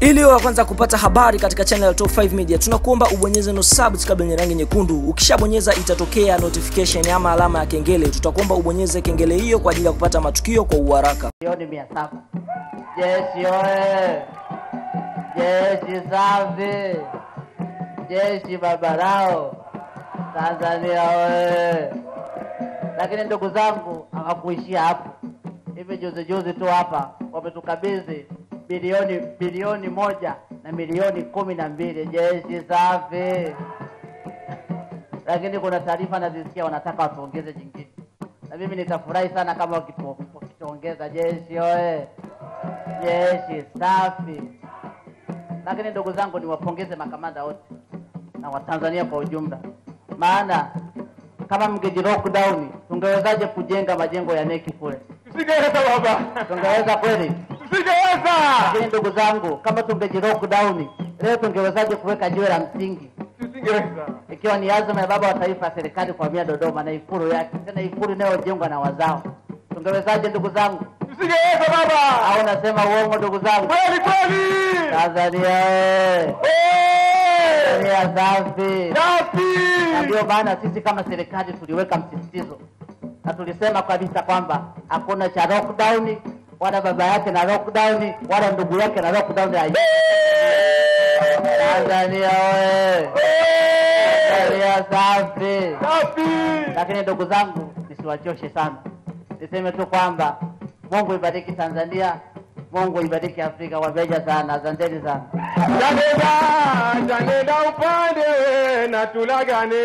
Ili wa kwanza kupata habari katika channel ya Top 5 Media, tunakuomba ubonyeze no subscribe yenye rangi nyekundu. Ukishabonyeza itatokea notification ama alama ya kengele. Tutakuomba ubonyeze kengele hiyo kwa ajili ya kupata matukio kwa uharaka. Jeshi oye! Jeshi safi! Jeshi babarao! Tanzania oye! Lakini ndugu zangu, hawakuishia hapo. Hivi juzi juzi tu hapa wametukabidhi bilioni bilioni moja na milioni kumi na mbili. Jeshi safi! Lakini kuna taarifa nazisikia wanataka watuongeze jingine, na mimi nitafurahi sana kama wakituongeza. Jeshi oe! Jeshi safi! Lakini ndugu zangu, niwapongeze makamanda wote na Watanzania kwa ujumla, maana kama mgeji lockdown tungewezaje kujenga majengo ya neki kule? Tungeweza kweli? Singeweza. Lakini ndugu zangu, kama tungeji lockdown, leo tungewezaje kuweka jiwe la msingi? Tusingeweza. Ikiwa ni azma ya baba wa taifa ya serikali kuhamia Dodoma na Ikulu yake, tena Ikulu inayojengwa na wazao. Tungewezaje ndugu zangu? Tusingeweza baba. Au nasema uongo ndugu zangu? Kweli kweli. Tanzania Tanzania safi. Safi. Ndio maana sisi kama serikali tuliweka msisitizo na tulisema kabisa kwamba hakuna cha lockdown wala baba yake na lockdown wala ndugu yake na lockdown ya Tanzania we Tanzania safi safi. Lakini ndugu zangu, nisiwachoshe sana, niseme tu kwamba Mungu ibariki Tanzania, Mungu ibariki Afrika. Wabeja sana, asanteni sana. Janeda janeda upande na tulagane